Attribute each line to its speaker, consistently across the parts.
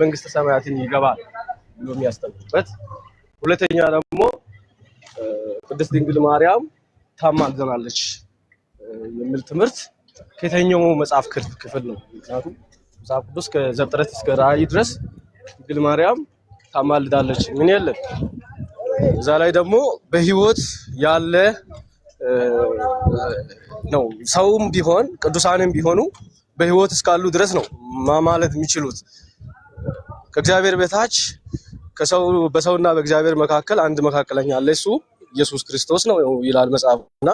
Speaker 1: መንግስተ ሰማያትን ይገባል ብሎ የሚያስተምርበት፣ ሁለተኛ ደግሞ ቅድስት ድንግል ማርያም ታማልደናለች የሚል ትምህርት ከየትኛው መጽሐፍ ክፍል ነው? ምክንያቱም መጽሐፍ ቅዱስ ከዘፍጥረት እስከ ራእይ ድረስ ድንግል ማርያም ታማልዳለች ምን የለም። እዛ ላይ ደግሞ በህይወት ያለ ነው ሰውም ቢሆን ቅዱሳንም ቢሆኑ በህይወት እስካሉ ድረስ ነው ማማለት የሚችሉት። ከእግዚአብሔር በታች በሰውና በእግዚአብሔር መካከል አንድ መካከለኛ አለ፣ እሱ ኢየሱስ ክርስቶስ ነው ይላል መጽሐፍ። እና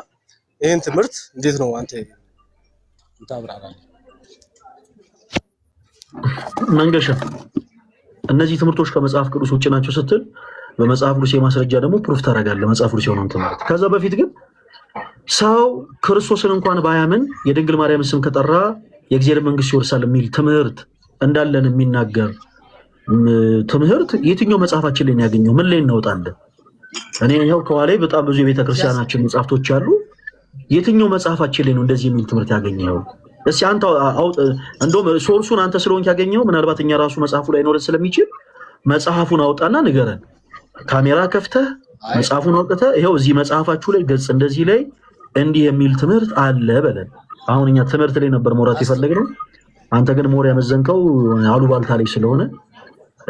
Speaker 1: ይህን ትምህርት እንዴት ነው አንተ ታብራራለህ?
Speaker 2: መንገሻ እነዚህ ትምህርቶች ከመጽሐፍ ቅዱስ ውጭ ናቸው ስትል በመጽሐፍ ቅዱስ የማስረጃ ደግሞ ፕሩፍ ታደርጋለህ። መጽሐፍ ቅዱስ የሆነውን ትምህርት ከዛ በፊት ግን ሰው ክርስቶስን እንኳን ባያምን የድንግል ማርያም ስም ከጠራ የእግዚአብሔር መንግስት ይወርሳል የሚል ትምህርት እንዳለን የሚናገር ትምህርት የትኛው መጽሐፋችን ላይ ያገኘው ምን ላይ እናወጣለን? እኔ ያው ከኋላ በጣም ብዙ የቤተክርስቲያናችን መጽሐፍቶች አሉ። የትኛው መጽሐፋችን ላይ ነው እንደዚህ የሚል ትምህርት ያገኘው? እስኪ አንተ እንደውም ሶርሱን አንተ ስለሆንክ ያገኘው ምናልባት እኛ ራሱ መጽሐፉ ላይ ኖረ ስለሚችል መጽሐፉን አውጣና ንገረን። ካሜራ ከፍተህ መጽሐፉን አውጥተህ ይኸው እዚህ መጽሐፋችሁ ላይ ገጽ እንደዚህ ላይ እንዲህ የሚል ትምህርት አለ በለን። አሁን እኛ ትምህርት ላይ ነበር መውራት የፈለግነው። አንተ ግን ሞር ያመዘንከው አሉባልታ ላይ ስለሆነ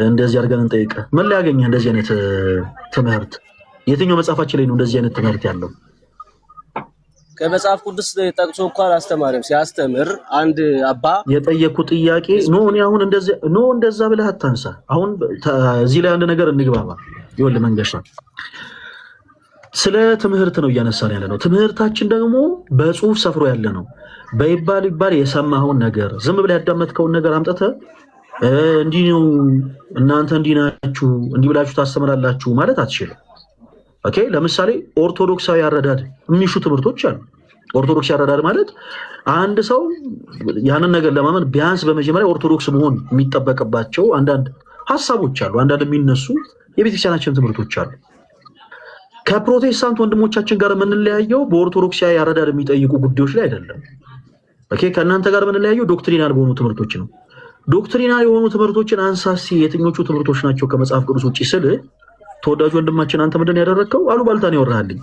Speaker 2: እንደዚህ አድርገን እንጠይቅ። ምን ላይ ያገኘህ እንደዚህ አይነት ትምህርት? የትኛው መጽሐፋችን ላይ ነው እንደዚህ አይነት ትምህርት ያለው?
Speaker 1: ከመጽሐፍ ቅዱስ ጠቅሶ እንኳን አስተማሪም ሲያስተምር አንድ አባ
Speaker 2: የጠየቁ ጥያቄ ኖ እኔ አሁን ኖ እንደዛ ብለህ አታንሳ። አሁን እዚህ ላይ አንድ ነገር እንግባባ። ይኸውልህ መንገሻ ስለ ትምህርት ነው እያነሳን ያለ ነው። ትምህርታችን ደግሞ በጽሁፍ ሰፍሮ ያለ ነው። በይባል ይባል የሰማኸውን ነገር ዝም ብለህ ያዳመጥከውን ነገር አምጥተህ እንዲህ ነው እናንተ እንዲህ ናችሁ እንዲህ ብላችሁ ታስተምራላችሁ ማለት አትችልም። ኦኬ ለምሳሌ ኦርቶዶክሳዊ አረዳድ የሚሹ ትምህርቶች አሉ። ኦርቶዶክስ ያረዳድ ማለት አንድ ሰው ያንን ነገር ለማመን ቢያንስ በመጀመሪያ ኦርቶዶክስ መሆን የሚጠበቅባቸው አንዳንድ ሀሳቦች አሉ። አንዳንድ የሚነሱ የቤተክርስቲያናችን ትምህርቶች አሉ። ከፕሮቴስታንት ወንድሞቻችን ጋር የምንለያየው በኦርቶዶክሳዊ አረዳድ የሚጠይቁ ጉዳዮች ላይ አይደለም። ከእናንተ ጋር የምንለያየው ዶክትሪናል በሆኑ ትምህርቶች ነው። ዶክትሪናል የሆኑ ትምህርቶችን አንሳሲ የትኞቹ ትምህርቶች ናቸው ከመጽሐፍ ቅዱስ ውጭ ስል ተወዳጅ ወንድማችን አንተ ምንድን ያደረግከው ባልታን ያወራሃልኝ።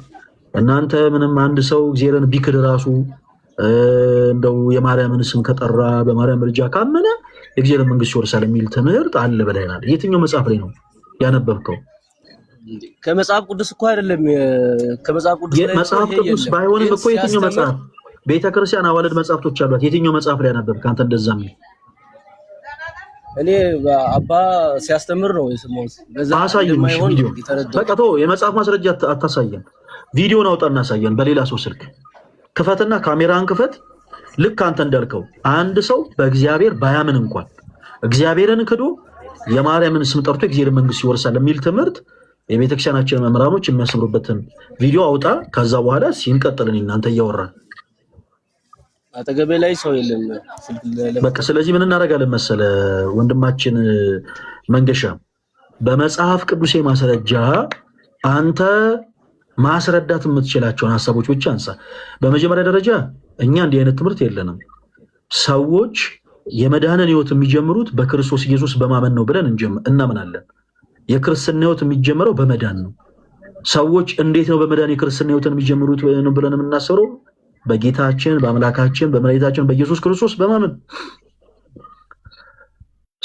Speaker 2: እናንተ ምንም አንድ ሰው እግዚአብሔርን ቢክድ ራሱ እንደው የማርያምን ስም ከጠራ በማርያም ምልጃ ካመነ የእግዚአብሔር መንግስት ይወርሳል የሚል ትምህርት አለ ብለናል። የትኛው መጽሐፍ ላይ ነው ያነበብከው?
Speaker 1: ከመጽሐፍ ቅዱስ እኮ አይደለም። ከመጽሐፍ ቅዱስ
Speaker 2: መጽሐፍ ቅዱስ ባይሆንም እኮ የትኛው መጽሐፍ ቤተክርስቲያን አዋልድ መጽሐፍቶች አሏት። የትኛው መጽሐፍ ላይ ያነበብከ አንተ እንደዛ የሚል
Speaker 1: እኔ አባ ሲያስተምር ነው የሰማሁት።
Speaker 2: በዛሳይሆንበቀቶ የመጽሐፍ ማስረጃ አታሳየን፣ ቪዲዮን አውጣ እናሳየን። በሌላ ሰው ስልክ ክፈትና ካሜራን ክፈት። ልክ አንተ እንዳልከው አንድ ሰው በእግዚአብሔር ባያምን እንኳን እግዚአብሔርን ክዶ የማርያምን ስም ጠርቶ የእግዚአብሔር መንግስት ይወርሳል የሚል ትምህርት የቤተክርስቲያናችን መምህራኖች የሚያስምሩበትን ቪዲዮ አውጣ። ከዛ በኋላ ሲንቀጥልን እናንተ እያወራን
Speaker 1: አጠገቤ ላይ ሰው የለም።
Speaker 2: በቃ ስለዚህ ምን እናደርጋለን መሰለ ወንድማችን መንገሻ፣ በመጽሐፍ ቅዱሴ ማስረጃ አንተ ማስረዳት የምትችላቸውን ሀሳቦች ብቻ አንሳ። በመጀመሪያ ደረጃ እኛ እንዲህ አይነት ትምህርት የለንም። ሰዎች የመድህንን ህይወት የሚጀምሩት በክርስቶስ ኢየሱስ በማመን ነው ብለን እናምናለን። የክርስትና ህይወት የሚጀምረው በመዳን ነው። ሰዎች እንዴት ነው በመዳን የክርስትና ህይወትን የሚጀምሩት ብለን የምናስበው በጌታችን በአምላካችን በመድኃኒታችን በኢየሱስ ክርስቶስ በማመን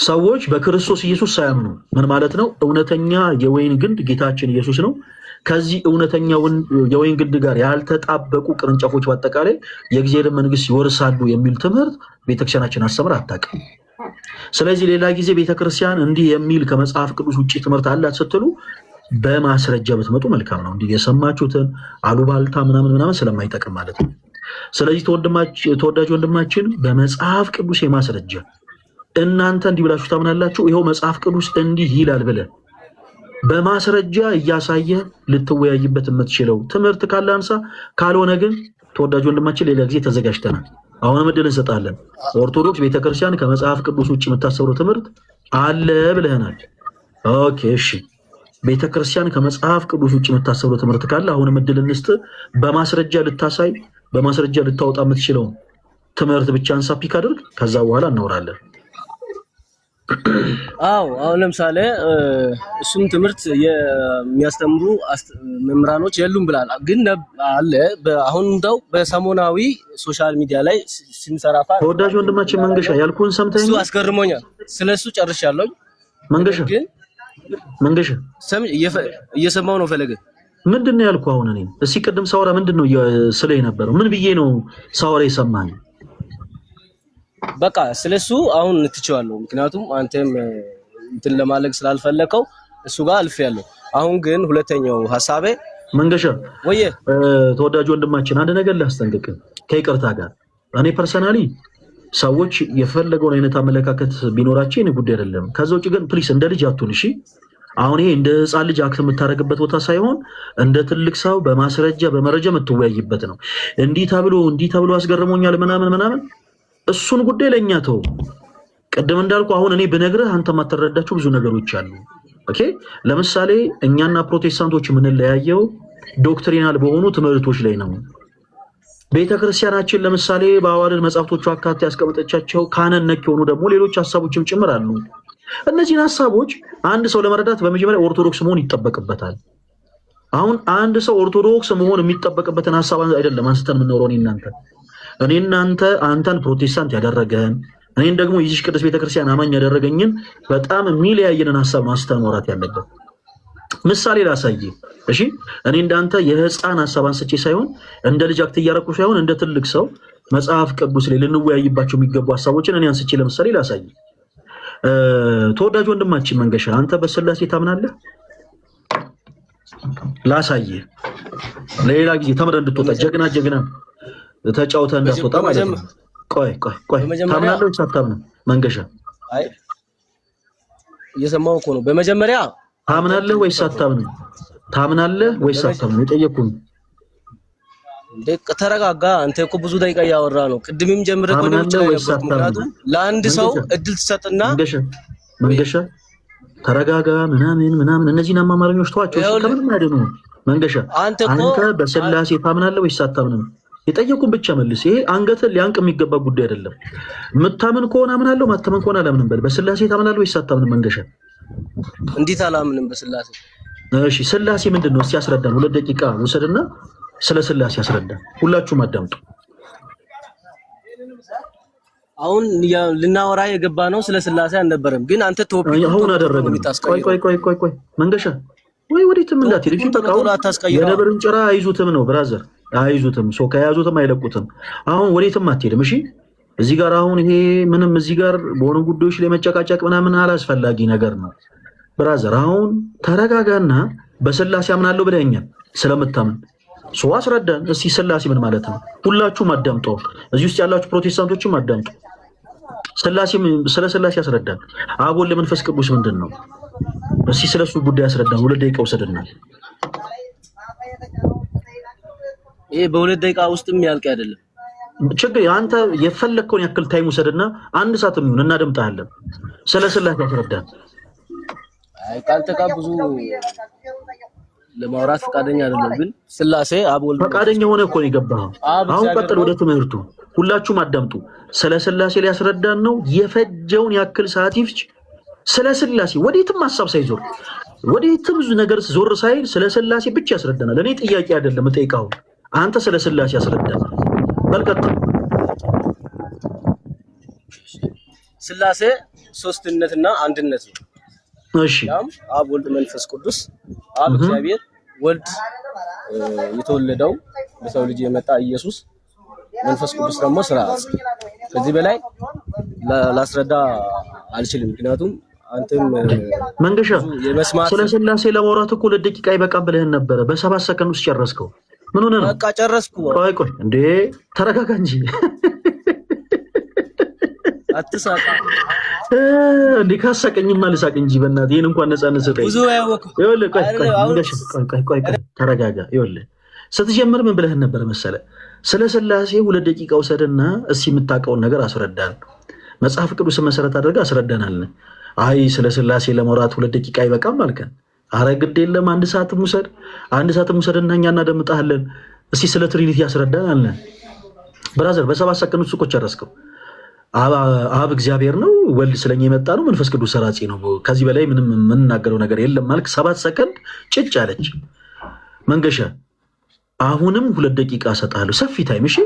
Speaker 2: ሰዎች በክርስቶስ ኢየሱስ ሳያምኑ ምን ማለት ነው? እውነተኛ የወይን ግንድ ጌታችን ኢየሱስ ነው። ከዚህ እውነተኛ የወይን ግንድ ጋር ያልተጣበቁ ቅርንጫፎች በአጠቃላይ የእግዚአብሔር መንግስት ይወርሳሉ የሚል ትምህርት ቤተክርስቲያናችን አስተምር አታውቅም። ስለዚህ ሌላ ጊዜ ቤተክርስቲያን እንዲህ የሚል ከመጽሐፍ ቅዱስ ውጭ ትምህርት አላት ስትሉ በማስረጃ ብትመጡ መልካም ነው። እንዲህ የሰማችሁትን አሉባልታ ምናምን ምናምን ስለማይጠቅም ማለት ነው። ስለዚህ ተወዳጅ ወንድማችን በመጽሐፍ ቅዱስ የማስረጃ እናንተ እንዲህ ብላችሁ ታምናላችሁ፣ ይኸው መጽሐፍ ቅዱስ እንዲህ ይላል ብለ በማስረጃ እያሳየ ልትወያይበት የምትችለው ትምህርት ካለ አንሳ። ካልሆነ ግን ተወዳጅ ወንድማችን ሌላ ጊዜ ተዘጋጅተናል። አሁን ምድል እንሰጣለን። ኦርቶዶክስ ቤተክርስቲያን ከመጽሐፍ ቅዱስ ውጭ የምታሰብረው ትምህርት አለ ብለህናል። ኦኬ፣ እሺ ቤተክርስቲያን ከመጽሐፍ ቅዱስ ውጭ የምታሰብረው ትምህርት ካለ አሁን ምድል እንስጥ፣ በማስረጃ ልታሳይ በማስረጃ ልታወጣ የምትችለው ትምህርት ብቻ አንሳ ፒክ አድርግ። ከዛ በኋላ እናወራለን።
Speaker 1: አው አሁን ለምሳሌ እሱም ትምህርት የሚያስተምሩ መምህራኖች የሉም ብላል። ግን አለ አሁን እንደው በሰሞናዊ ሶሻል ሚዲያ ላይ ሲንሰራፋ
Speaker 2: ተወዳጅ ወንድማችን መንገሻ ያልኩን ሰምተህ
Speaker 1: እሱ አስገርሞኛል። ስለ እሱ ጨርሻለሁ።
Speaker 2: መንገሻ መንገሻ
Speaker 1: እየሰማው ነው ፈለገ
Speaker 2: ምንድን ነው ያልኩ አሁን እኔ እስኪ ቅድም ሳወራ ምንድን ነው ስለ የነበረው ምን ብዬ ነው ሳወራ የሰማኝ
Speaker 1: በቃ ስለሱ አሁን እንትችዋለሁ፣ ምክንያቱም አንተም እንትን ለማለግ ስላልፈለከው እሱ ጋር ያለሁ አሁን ግን ሁለተኛው ሀሳቤ
Speaker 2: መንገሻ ወየ ተወዳጅ ወንድማችን አንድ ነገር ላስጠንቅቅ፣ ከይቅርታ ጋር እኔ ፐርሰናሊ ሰዎች የፈለገውን አይነት አመለካከት ቢኖራቸው እኔ ጉዳይ አይደለም። ከዛ ውጭ ግን ፕሊስ እንደ ልጅ አትሁን እሺ። አሁን ይሄ እንደ ህፃን ልጅ አክት የምታደርግበት ቦታ ሳይሆን እንደ ትልቅ ሰው በማስረጃ በመረጃ የምትወያይበት ነው። እንዲህ ተብሎ እንዲህ ተብሎ አስገርሞኛል ምናምን ምናምን፣ እሱን ጉዳይ ለእኛ ተው። ቅድም እንዳልኩ አሁን እኔ ብነግርህ አንተ ማትረዳቸው ብዙ ነገሮች አሉ። ኦኬ ለምሳሌ እኛና ፕሮቴስታንቶች የምንለያየው ዶክትሪናል በሆኑ ትምህርቶች ላይ ነው። ቤተክርስቲያናችን ለምሳሌ በአዋልድ መጽሐፍቶቹ አካታ ያስቀመጠቻቸው ካነን ነክ የሆኑ ደግሞ ሌሎች ሀሳቦችም ጭምር አሉ። እነዚህን ሀሳቦች አንድ ሰው ለመረዳት በመጀመሪያ ኦርቶዶክስ መሆን ይጠበቅበታል። አሁን አንድ ሰው ኦርቶዶክስ መሆን የሚጠበቅበትን ሀሳብ አይደለም አንስተን የምናወራው እኔ እናንተ እኔ እናንተ አንተን ፕሮቴስታንት ያደረገን እኔን ደግሞ የዚች ቅዱስ ቤተክርስቲያን አማኝ ያደረገኝን በጣም የሚለያየንን ሀሳብ ነው መውራት ያለበት ምሳሌ ላሳይ እሺ እኔ እንዳንተ የህፃን ሀሳብ አንስቼ ሳይሆን እንደ ልጅ አክት እያረኩ ሳይሆን እንደ ትልቅ ሰው መጽሐፍ ቅዱስ ላይ ልንወያይባቸው የሚገቡ ሀሳቦችን እኔ አንስቼ ለምሳሌ ላሳይ። ተወዳጅ ወንድማችን መንገሻ አንተ በስላሴ ታምናለህ? ላሳየ ለሌላ ጊዜ ተምረ እንድትወጣ ጀግና ጀግና ተጫውተ እንዳትወጣ ማለት ነው። ቆይ ቆይ ቆይ ታምናለህ ወይስ አታምንም? መንገሻ
Speaker 1: እየሰማሁ እኮ ነው። በመጀመሪያ
Speaker 2: ታምናለህ ወይስ አታምንም? ታምናለህ ወይስ አታምንም? የጠየኩህን
Speaker 1: ተረጋጋ። አንተ እኮ ብዙ ደቂቃ እያወራ ነው። ቅድምም ጀምረ
Speaker 2: ወደ ብቻ ምክንያቱም
Speaker 1: ለአንድ ሰው እድል ትሰጥና
Speaker 2: መንገሻ ተረጋጋ ምናምን ምናምን እነዚህን አማማርኞች ተዋቸው። ከምንም አይደለም መንገሻ፣ አንተ አንተ በስላሴ ታምናለህ ወይስ አታምንም? የጠየቁን ብቻ መልስ። ይሄ አንገትን ሊያንቅ የሚገባ ጉዳይ አይደለም። ምታምን ከሆነ አምናለሁ፣ ማታመን ከሆነ አላምንም በል። በስላሴ ታምናለህ ወይስ አታምንም? መንገሻ፣
Speaker 1: እንዴት አላምንም በስላሴ?
Speaker 2: እሺ ስላሴ ምንድን ነው እስቲ ያስረዳን። ሁለት ደቂቃ ውሰድና ስለ ስላሴ ያስረዳ። ሁላችሁም አዳምጡ።
Speaker 1: አሁን ልናወራ የገባ ነው ስለ ስላሴ አልነበረም። ግን አንተ ቶፒክ
Speaker 2: አሁን አደረግን። ቆይ ቆይ ቆይ ቆይ ቆይ መንገሻ ወይ ወዴትም እንዳትሄድ የነብርን ጭራ አይዙትም ነው ብራዘር፣ አይዙትም ሰው ከያዙትም አይለቁትም። አሁን ወዴትም አትሄድም። እሺ እዚህ ጋር አሁን ይሄ ምንም እዚህ ጋር በሆኑ ጉዳዮች ላይ መጨቃጨቅ ምናምን አላስፈላጊ ነገር ነው ብራዘር። አሁን ተረጋጋና በስላሴ አምናለሁ ብለኛል ስለምታምን ሶ አስረዳን እስቲ ስላሴ ምን ማለት ነው? ሁላችሁም አዳምጡ። እዚህ ውስጥ ያላችሁ ፕሮቴስታንቶችም አዳምጡ። ስላሴ ስለ ስላሴ ያስረዳን። አብ ወልድ መንፈስ ቅዱስ ምንድን ነው? እስቲ ስለሱ ጉዳይ ያስረዳን። ሁለት ደቂቃ ውሰድና
Speaker 1: ይሄ በሁለት ደቂቃ ውስጥም ያልቅ አይደለም
Speaker 2: ችግር አንተ የፈለግከውን ያክል ታይም ውሰድና አንድ ሰዓት የሚሆን እናደምጣለን። ስለ ስላሴ ያስረዳን።
Speaker 1: አይ ቃል ለማውራት ፈቃደኛ አይደለም። ግን
Speaker 2: ስላሴ አብ ወልድ ፈቃደኛ ሆነ እኮ ነው የገባኸው። አሁን ቀጥል ወደ ትምህርቱ። ሁላችሁም አዳምጡ። ስለ ስላሴ ሊያስረዳን ነው የፈጀውን ያክል ሰዓት ይፍጅ። ስለ ስላሴ ወዴትም ሀሳብ ሳይዞር ወዴትም ነገር ዞር ሳይል ስለ ስላሴ ብቻ ያስረዳናል። እኔ ጥያቄ አይደለም ጠይቃሁ። አንተ ስለ ስላሴ ያስረዳናል። በልቀጥ
Speaker 1: ስላሴ ሶስትነትና አንድነት ነው። እሺ አብ ወልድ መንፈስ ቅዱስ አብ እግዚአብሔር ወልድ የተወለደው በሰው ልጅ የመጣ ኢየሱስ መንፈስ ቅዱስ ደግሞ ስራ ከዚህ በላይ ላስረዳ አልችልም። ምክንያቱም አንተም
Speaker 2: መንገሻ ስለ ስላሴ ለማውራት እኮ ለደቂቃ ይበቃም ብለህን ነበረ። በሰባት ሰከንድ ውስጥ ጨረስከው። ምን ሆነ ነው?
Speaker 1: በቃ ጨረስኩ።
Speaker 2: ቆይ ቆይ እንዴ ተረጋጋ እንጂ አትሳቅ እንዴ! ካሳቀኝማ ልሳቅ እንጂ በእናትህ ይሄን እንኳን ነፃነት ሰጠኝ። ተረጋጋ። ይኸውልህ ስትጀምር ምን ብለህን ነበር መሰለ? ስለ ስላሴ ሁለት ደቂቃ ውሰድና እስኪ የምታውቀውን ነገር አስረዳን። መጽሐፍ ቅዱስ መሰረት አድርገህ አስረዳናል። አይ ስለ ስላሴ ለመውራት ሁለት ደቂቃ አይበቃም አልከን። አረ ግድ የለም አንድ ሰዓትም ውሰድ፣ አንድ ሰዓትም ውሰድና እኛ እናደምጣለን። እስኪ ስለ ትሪኒቲ አስረዳን አለ። ብራዘር በሰባት ሰከንድ እኮ ጨረስከው። አብ እግዚአብሔር ነው፣ ወልድ ስለኛ የመጣ ነው፣ መንፈስ ቅዱስ ሰራጺ ነው። ከዚህ በላይ ምንም የምንናገረው ነገር የለም ማልክ ሰባት ሰከንድ ጭጭ አለች መንገሻ። አሁንም ሁለት ደቂቃ እሰጥሃለሁ፣ ሰፊ ታይም። እሺ፣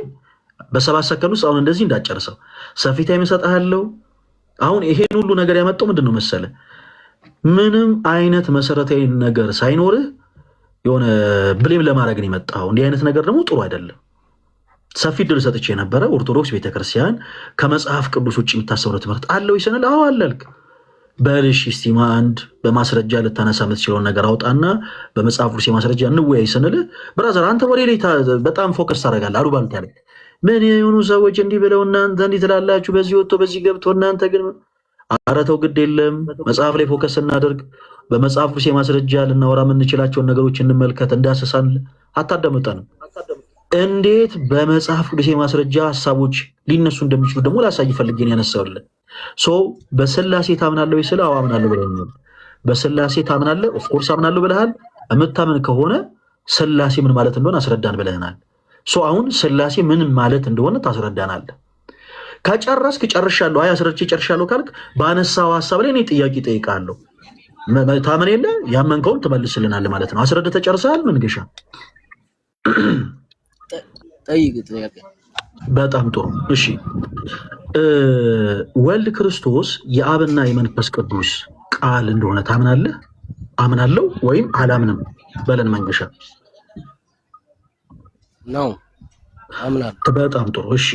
Speaker 2: በሰባት ሰከንድ ውስጥ አሁን እንደዚህ እንዳጨርሰው ሰፊ ታይም እሰጥሃለሁ። አሁን ይሄን ሁሉ ነገር ያመጣው ምንድን ነው መሰለ፣ ምንም አይነት መሰረታዊ ነገር ሳይኖርህ የሆነ ብሌም ለማድረግ ነው የመጣው። እንዲህ አይነት ነገር ደግሞ ጥሩ አይደለም። ሰፊ ድል ሰጥቼ የነበረ ኦርቶዶክስ ቤተክርስቲያን ከመጽሐፍ ቅዱስ ውጭ የሚታሰብነው ትምህርት አለው ይሰንል አዎ አለልክ በልሽ ስቲማ አንድ በማስረጃ ልታነሳ የምትችለውን ነገር አውጣና በመጽሐፍ ቅዱስ የማስረጃ እንወያይ ስንል ብራዘር አንተ ወደ ሌላ በጣም ፎከስ ታደርጋለህ። አሉባልታ ላይ ምን የሆኑ ሰዎች እንዲህ ብለው እናንተ እንዲህ ትላላችሁ፣ በዚህ ወጥቶ በዚህ ገብቶ እናንተ ግን አረተው ግድ የለም መጽሐፍ ላይ ፎከስ እናደርግ። በመጽሐፍ ቅዱስ የማስረጃ ልናወራ የምንችላቸውን ነገሮች እንመልከት፣ እንዳስሳን አታደምጠንም እንዴት በመጽሐፍ ቅዱስ የማስረጃ ሀሳቦች ሊነሱ እንደሚችሉ ደግሞ ላሳይ ፈልጌን ያነሳውለን ሰው በስላሴ ታምናለህ ወይ ስለ አዎ አምናለሁ በስላሴ ታምናለህ ኦፍኮርስ አምናለሁ ብለሃል የምታምን ከሆነ ስላሴ ምን ማለት እንደሆነ አስረዳን ብለህናል አሁን ስላሴ ምን ማለት እንደሆነ ታስረዳናለህ ከጨረስክ ጨርሻለሁ አይ አስረድቼ ጨርሻለሁ ካልክ በአነሳው ሀሳብ ላይ እኔ ጥያቄ እጠይቅሃለሁ ታምን የለ ያመንከውን ትመልስልናል ማለት ነው አስረድተህ ጨርሰሃል መንገሻ
Speaker 1: ጠይቅ ጥያቄ።
Speaker 2: በጣም ጥሩ እሺ። ወልድ ክርስቶስ የአብና የመንፈስ ቅዱስ ቃል እንደሆነ ታምናለህ? አምናለሁ ወይም አላምንም በለን መንገሻ ነው። በጣም ጥሩ እሺ።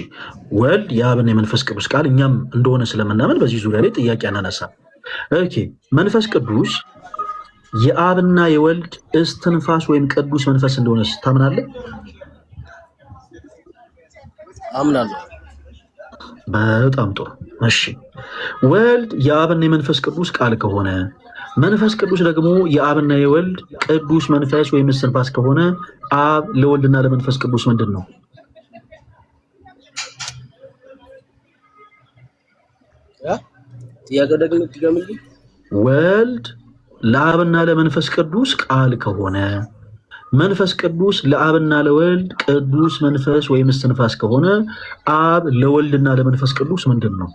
Speaker 2: ወልድ የአብና የመንፈስ ቅዱስ ቃል እኛም እንደሆነ ስለምናምን በዚህ ዙሪያ ላይ ጥያቄ አናነሳ። ኦኬ መንፈስ ቅዱስ የአብና የወልድ እስትንፋስ ወይም ቅዱስ መንፈስ እንደሆነ ታምናለህ? አምናለሁ። በጣም ጥሩ። እሺ ወልድ የአብና የመንፈስ ቅዱስ ቃል ከሆነ መንፈስ ቅዱስ ደግሞ የአብና የወልድ ቅዱስ መንፈስ ወይም እስትንፋስ ከሆነ አብ ለወልድና ለመንፈስ ቅዱስ ምንድን ነው? ጥያቄ ደግሞ ወልድ ለአብና ለመንፈስ ቅዱስ ቃል ከሆነ መንፈስ ቅዱስ ለአብና ለወልድ ቅዱስ መንፈስ ወይም እስትንፋስ ከሆነ አብ ለወልድና ለመንፈስ ቅዱስ ምንድን ነው?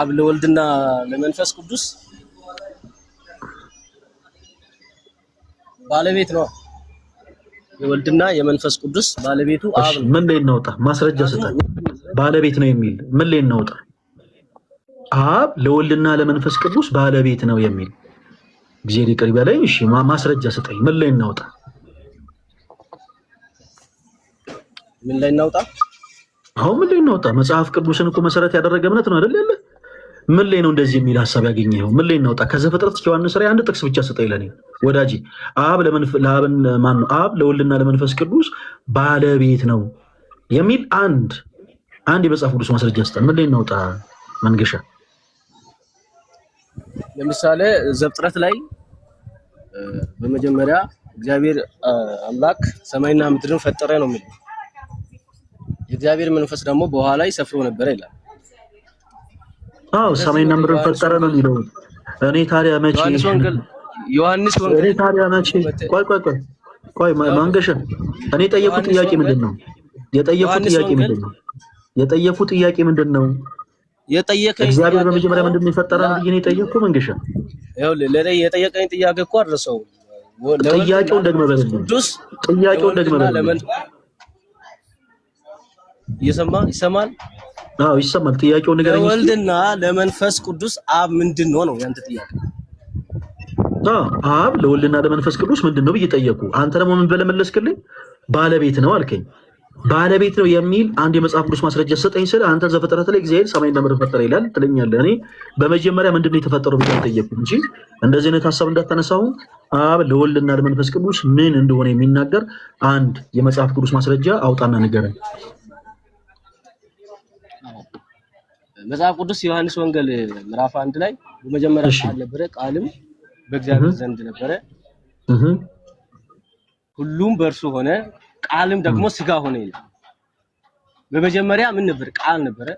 Speaker 1: አብ ለወልድና ለመንፈስ ቅዱስ ባለቤት ነው። የወልድና የመንፈስ ቅዱስ ባለቤቱ አብ።
Speaker 2: ምን ላይ እናውጣ? ማስረጃ ስጠን። ባለቤት ነው የሚል ምን ላይ እናውጣ? አብ ለወልድና ለመንፈስ ቅዱስ ባለቤት ነው የሚል እግዚአብሔር ይቅር በለኝ። እሺ ማስረጃ ስጠኝ። ምን ላይ እናውጣ? ምን ላይ እናውጣ? አሁን ምን ላይ እናውጣ? መጽሐፍ ቅዱስን እኮ መሰረት ያደረገ እምነት ነው አይደል? ያለ ምን ላይ ነው እንደዚህ የሚል ሀሳብ ያገኘኸው? ምን ላይ እናውጣ? ከዘፍጥረት እስከ ዮሐንስ ራዕይ አንድ ጥቅስ ብቻ ስጠኝ ለኔ ወዳጄ። አብ ለአብን ማን ነው? አብ ለወልድና ለመንፈስ ቅዱስ ባለቤት ነው የሚል አንድ አንድ የመጽሐፍ ቅዱስ ማስረጃ ስጠን። ምን ላይ እናውጣ መንገሻ
Speaker 1: ለምሳሌ ዘፍጥረት ላይ በመጀመሪያ እግዚአብሔር አምላክ ሰማይና ምድርን ፈጠረ ነው የሚለው። የእግዚአብሔር መንፈስ ደግሞ በውሃ ላይ ሰፍሮ ነበረ ይላል።
Speaker 2: አዎ ሰማይና ምድርን ፈጠረ ነው የሚለው። እኔ ታዲያ መቼ ዮሐንስ ወንጌል እኔ ታዲያ መቼ ቆይ ቆይ ቆይ ቆይ ማንገሻ እኔ የጠየኩት ጥያቄ ምንድን ነው? የጠየኩት ጥያቄ ምንድን ነው? የጠየኩት ጥያቄ ምንድን ነው? የጠየቀኝ እግዚአብሔር በመጀመሪያ ምንድን ነው የፈጠረን ብዬ ነው የጠየቅኩ። መንገሻ
Speaker 1: ይኸውልህ የጠየቀኝ ጥያቄ እኮ አድርሰው
Speaker 2: ጥያቄውን ደግመህ በልልኝ። ቅዱስ ጥያቄውን ደግመህ በለኝ።
Speaker 1: ይሰማል ይሰማል።
Speaker 2: አዎ ይሰማል። ጥያቄውን
Speaker 1: ንገረኝ። ወልድና ለመንፈስ ቅዱስ አብ ምንድን ነው ነው ያንተ ጥያቄ?
Speaker 2: አብ ለወልድና ለመንፈስ ቅዱስ ምንድን ነው ብዬ ጠየቅኩ። አንተ ደግሞ ምን ብለህ ባለቤት ነው አልከኝ። ባለቤት ነው የሚል አንድ የመጽሐፍ ቅዱስ ማስረጃ ሰጠኝ ስል አንተ ዘፍጥረት ላይ እግዚአብሔር ሰማይና ምድርን ፈጠረ ይላል ትለኛለህ። እኔ በመጀመሪያ ምንድን ነው የተፈጠረው ብዬ አልጠየኩም እንጂ እንደዚህ አይነት ሀሳብ እንዳታነሳሁ አብ ለወልድና ለመንፈስ ቅዱስ ምን እንደሆነ የሚናገር አንድ የመጽሐፍ ቅዱስ ማስረጃ አውጣና ንገረን።
Speaker 1: መጽሐፍ ቅዱስ ዮሐንስ ወንጌል ምዕራፍ አንድ ላይ በመጀመሪያ ቃል ነበረ፣ ቃልም በእግዚአብሔር ዘንድ ነበረ፣ ሁሉም በእርሱ ሆነ ቃልም ደግሞ ስጋ ሆነ ይላል። በመጀመሪያ ምን ነበር? ቃል ነበረ፣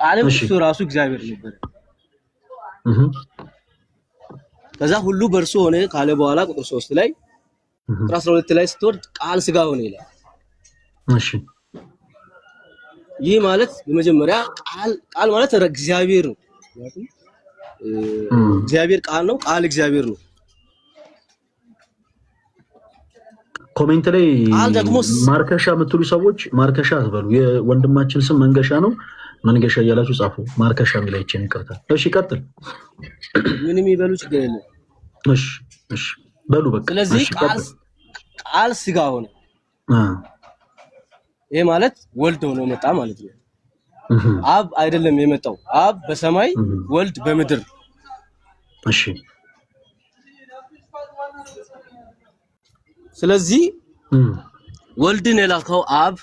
Speaker 1: ቃልም እሱ ራሱ እግዚአብሔር ነበረ። ከዛ ሁሉ በእርሱ ሆነ ካለ በኋላ ቁጥር 3 ላይ ቁጥር 12 ላይ ስትወርድ ቃል ስጋ ሆነ ይላል። እሺ ይህ ማለት በመጀመሪያ ቃል ቃል ማለት እግዚአብሔር ነው። እግዚአብሔር ቃል ነው። ቃል እግዚአብሔር ነው።
Speaker 2: ኮሜንት ላይ ማርከሻ የምትሉ ሰዎች ማርከሻ አትበሉ። የወንድማችን ስም መንገሻ ነው። መንገሻ እያላችሁ ጻፉ። ማርከሻ የሚላይችን ይቅርታ። እሺ፣ ቀጥል።
Speaker 1: ምንም ይበሉ ችግር የለም።
Speaker 2: እሺ፣ እሺ በሉ በቃ።
Speaker 1: ስለዚህ ቃል ስጋ ሆነ። ይሄ ማለት ወልድ ሆኖ መጣ ማለት ነው። አብ አይደለም የመጣው። አብ በሰማይ ወልድ በምድር እሺ ስለዚህ ወልድን የላከው አብ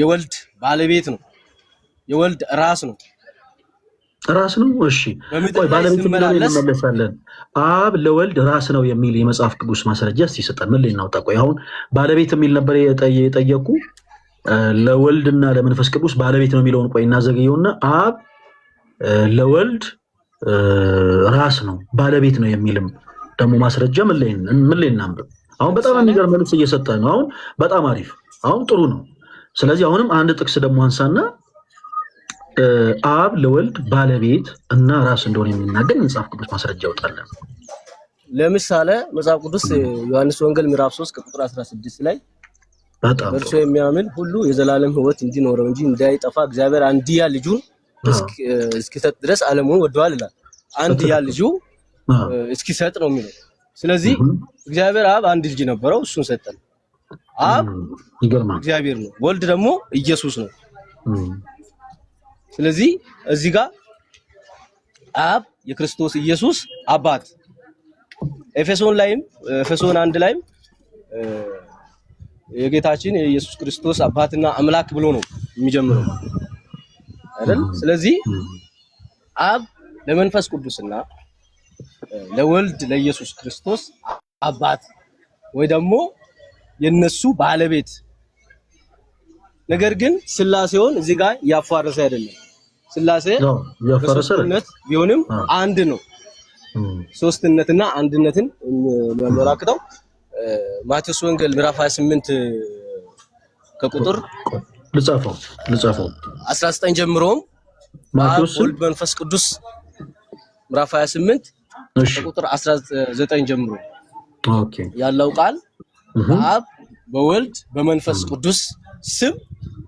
Speaker 1: የወልድ ባለቤት ነው። የወልድ ራስ ነው
Speaker 2: ራስ ነው። እሺ ቆይ ባለቤት እንመለሳለን። አብ ለወልድ ራስ ነው የሚል የመጽሐፍ ቅዱስ ማስረጃ እስኪ ስጠን። ምን ልናውጣ? ቆይ አሁን ባለቤት የሚል ነበር የጠየቁ ለወልድና ለመንፈስ ቅዱስ ባለቤት ነው የሚለውን ቆይ እናዘገየውና አብ ለወልድ ራስ ነው ባለቤት ነው የሚልም ደግሞ ማስረጃ ምን ላይ እናንብብ? አሁን በጣም የሚገርም መልስ እየሰጠ ነው። አሁን በጣም አሪፍ፣ አሁን ጥሩ ነው። ስለዚህ አሁንም አንድ ጥቅስ ደግሞ አንሳና አብ ለወልድ ባለቤት እና ራስ እንደሆነ የሚናገር መጽሐፍ ቅዱስ ማስረጃ ያወጣለን።
Speaker 1: ለምሳሌ መጽሐፍ ቅዱስ ዮሐንስ ወንጌል ምዕራፍ 3 ከቁጥር 16 ላይ በእርሱ የሚያምን ሁሉ የዘላለም ሕይወት እንዲኖረው እንጂ እንዳይጠፋ እግዚአብሔር አንድያ ልጁን እስኪሰጥ ድረስ ዓለሙን ወደዋል ይላል። አንድ ያ ልጁ እስኪሰጥ ነው የሚለው። ስለዚህ እግዚአብሔር አብ አንድ ልጅ ነበረው፣ እሱን ሰጠን። አብ እግዚአብሔር ነው፣ ወልድ ደግሞ ኢየሱስ ነው። ስለዚህ እዚህ ጋር አብ የክርስቶስ ኢየሱስ አባት ኤፌሶን ላይም ኤፌሶን አንድ ላይም የጌታችን የኢየሱስ ክርስቶስ አባትና አምላክ ብሎ ነው የሚጀምረው። አይደል? ስለዚህ አብ ለመንፈስ ቅዱስና ለወልድ ለኢየሱስ ክርስቶስ አባት ወይ ደግሞ የነሱ ባለቤት ነገር ግን ስላሴውን እዚህ ጋር እያፋረሰ አይደለም። ስላሴ ሶስትነት ቢሆንም አንድ ነው። ሶስትነትና አንድነትን የሚያመላክተው ማቴዎስ ወንጌል ምዕራፍ 28 ከቁጥር
Speaker 2: ልጻፈው ልጻፈው
Speaker 1: 19 ጀምሮም ማቴዎስ ወልድ መንፈስ ቅዱስ ምዕራፍ 28 ቁጥር 19 ጀምሮ ኦኬ ያለው ቃል አብ በወልድ በመንፈስ ቅዱስ ስም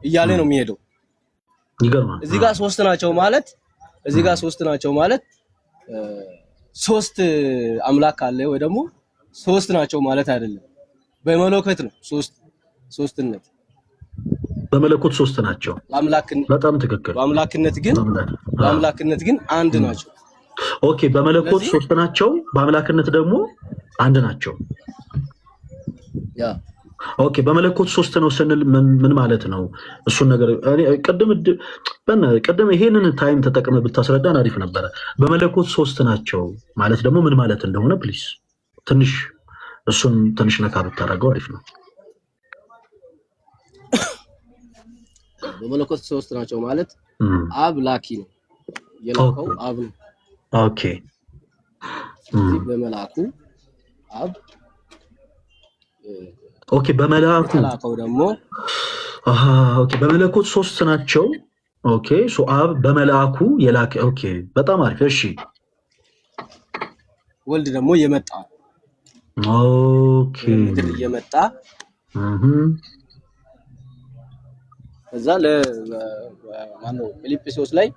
Speaker 1: እያለ ነው የሚሄደው። ይገርማል። እዚህ ጋር ሶስት ናቸው ማለት እዚህ ጋር ሶስት ናቸው ማለት ሶስት አምላክ አለ ወይ ደግሞ ሶስት ናቸው ማለት አይደለም። በመለኮት ነው ሶስት ሶስትነት
Speaker 2: በመለኮት ሶስት ናቸው። በጣም ትክክል።
Speaker 1: በአምላክነት ግን በአምላክነት ግን አንድ ናቸው።
Speaker 2: ኦኬ፣ በመለኮት ሶስት ናቸው፣ በአምላክነት ደግሞ አንድ ናቸው። ኦኬ፣ በመለኮት ሶስት ነው ስንል ምን ማለት ነው? እሱን ነገር ቅድም ይሄንን ታይም ተጠቅመ ብታስረዳን አሪፍ ነበረ። በመለኮት ሶስት ናቸው ማለት ደግሞ ምን ማለት እንደሆነ ፕሊስ ትንሽ እሱን ትንሽ ነካ ብታደርገው አሪፍ ነው።
Speaker 1: በመለኮት ሶስት ናቸው ማለት አብ ላኪ ነው፣ የላከው አብ ነው። ኦኬ ስለዚህ በመላኩ አብ
Speaker 2: ኦኬ በመላኩ ላከው ደግሞ አሃ ኦኬ በመለኮት ሶስት ናቸው። ኦኬ ሶ አብ በመላኩ የላከ ኦኬ በጣም አሪፍ እሺ።
Speaker 1: ወልድ ደግሞ የመጣ
Speaker 2: ኦኬ
Speaker 1: ምድር እየመጣ እዛ ለማነው ፊልጵስዩስ ላይ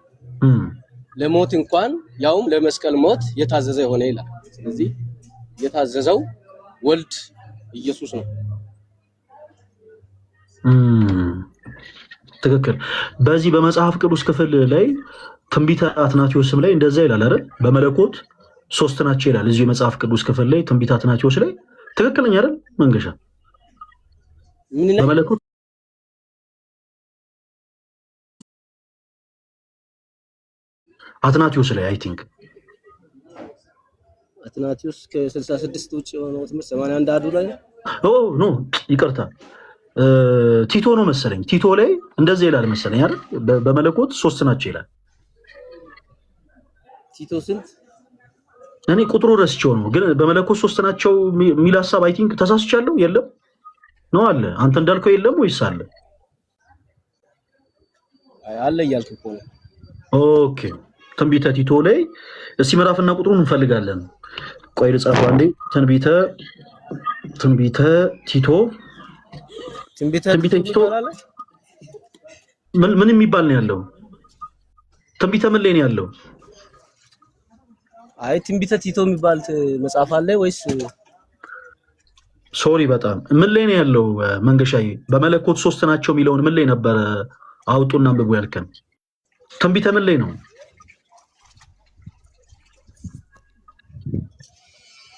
Speaker 1: ለሞት እንኳን ያውም ለመስቀል ሞት የታዘዘ የሆነ ይላል። ስለዚህ የታዘዘው ወልድ ኢየሱስ ነው።
Speaker 2: ትክክል። በዚህ በመጽሐፍ ቅዱስ ክፍል ላይ ትንቢተ አትናቴዎስም ላይ እንደዛ ይላል አይደል? በመለኮት ሶስት ናቸው ይላል። እዚህ የመጽሐፍ ቅዱስ ክፍል ላይ ትንቢተ አትናቴዎስ ላይ ትክክለኛ አይደል? መንገሻ በመለኮት አትናቲዮስ ላይ አይ ቲንክ
Speaker 1: አትናቲዮስ ከ66 ውጭ የሆነው ትምህርት 81 አዱ ላይ
Speaker 2: ኦ ኖ ይቅርታ ቲቶ ነው መሰለኝ። ቲቶ ላይ እንደዚህ ይላል መሰለኝ አይደል? በመለኮት ሶስት ናቸው ይላል። ቲቶ ስንት? እኔ ቁጥሩ ረስቼው ነው፣ ግን በመለኮት ሶስት ናቸው የሚል ሀሳብ አይ ቲንክ ተሳስቻለሁ። የለም ነው አለ። አንተ እንዳልከው የለም ወይስ አለ?
Speaker 1: አለ እያልክ እኮ ነው።
Speaker 2: ኦኬ ትንቢተ ቲቶ ላይ እስቲ ምዕራፍና ቁጥሩን እንፈልጋለን። ቆይ ልጻፉ አንዴ። ትንቢተ ትንቢተ ቲቶ ትንቢተ ቲቶ ምን የሚባል ነው ያለው? ትንቢተ ምን ላይ ነው ያለው?
Speaker 1: አይ ትንቢተ ቲቶ የሚባል መጽሐፍ አለ ወይስ?
Speaker 2: ሶሪ በጣም ምን ላይ ነው ያለው? መንገሻዬ በመለኮት ሶስት ናቸው የሚለውን ምን ላይ ነበረ? አውጡና አንብቡ ያልከን ትንቢተ ምን ላይ ነው?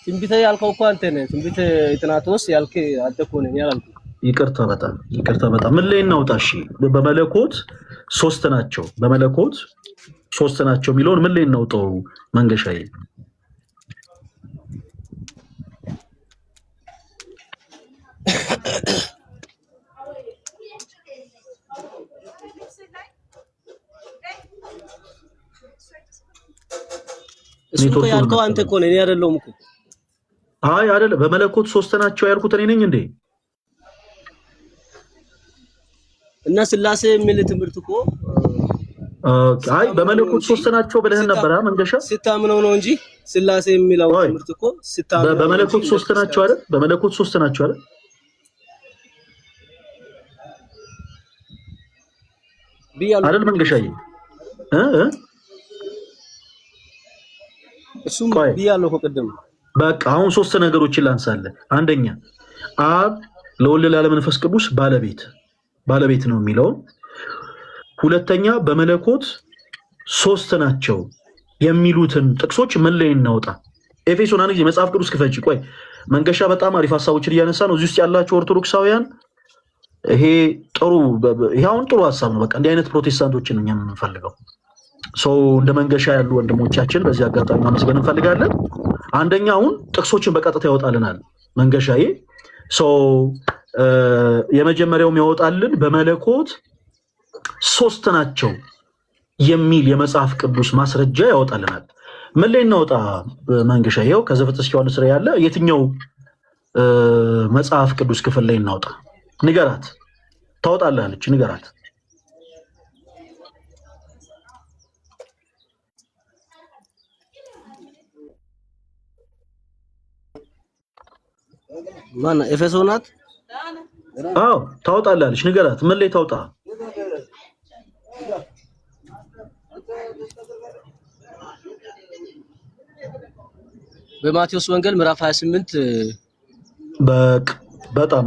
Speaker 1: ትንቢት ያልከው እኮ አንተ ነህ። ትንቢት ጥናቶስ ያልክ አንተ እኮ ነህ ያልኩ።
Speaker 2: ይቅርታ በጣም ይቅርታ በጣም ምን ላይ እናውጣ? እሺ በመለኮት ሶስት ናቸው፣ በመለኮት ሶስት ናቸው የሚለውን ምን ላይ እናውጣው? መንገሻዬ
Speaker 1: እሱ ያልከው አንተ እኮ ነህ፣ እኔ አይደለሁም እኮ
Speaker 2: አይ አይደለም፣ በመለኮት ሶስት ናቸው ያልኩት እኔ ነኝ እንዴ?
Speaker 1: እና ስላሴ የሚል ትምህርት እኮ
Speaker 2: አይ በመለኮት ሶስት ናቸው ብለህን ነበር መንገሻ።
Speaker 1: ስታምነው ነው እንጂ ስላሴ የሚለው ትምህርት እኮ
Speaker 2: ስታምነው በመለኮት ሶስት ናቸው አይደል? በመለኮት ሶስት ናቸው አይደል? ቢያል አይደል መንገሻዬ እ
Speaker 1: እሱም ብያለሁ እኮ ቅድም
Speaker 2: በቃ አሁን ሶስት ነገሮችን ላንሳለን። አንደኛ አብ ለወልድ ለመንፈስ ቅዱስ ባለቤት ባለቤት ነው የሚለውን፣ ሁለተኛ በመለኮት ሶስት ናቸው የሚሉትን ጥቅሶች ምን ላይ እናውጣ። ኤፌሶን አንድ ጊዜ መጽሐፍ ቅዱስ ክፈጭ። ቆይ መንገሻ በጣም አሪፍ ሀሳቦችን እያነሳ ነው። እዚህ ውስጥ ያላቸው ኦርቶዶክሳውያን ይሄ ጥሩ ይሄ አሁን ጥሩ ሀሳብ ነው። በቃ እንዲህ አይነት ፕሮቴስታንቶችን ነው የምንፈልገው። ሰው እንደ መንገሻ ያሉ ወንድሞቻችን በዚህ አጋጣሚ ማመስገን እንፈልጋለን። አንደኛውን ጥቅሶችን በቀጥታ ያወጣልናል መንገሻዬ። ሰው የመጀመሪያውም ያወጣልን በመለኮት ሶስት ናቸው የሚል የመጽሐፍ ቅዱስ ማስረጃ ያወጣልናል። ምን ላይ እናወጣ መንገሻ? ይኸው ከዘፍጥረት እስከ ዮሐንስ ያለ የትኛው መጽሐፍ ቅዱስ ክፍል ላይ እናውጣ? ንገራት። ታወጣላለች፣ ንገራት
Speaker 1: ማነው? ኤፌሶ ናት።
Speaker 2: አዎ ታውጣላለች። ንገራት፣ ምን ላይ ታውጣ?
Speaker 1: በማቴዎስ ወንጌል ምዕራፍ 28
Speaker 2: በቅ በጣም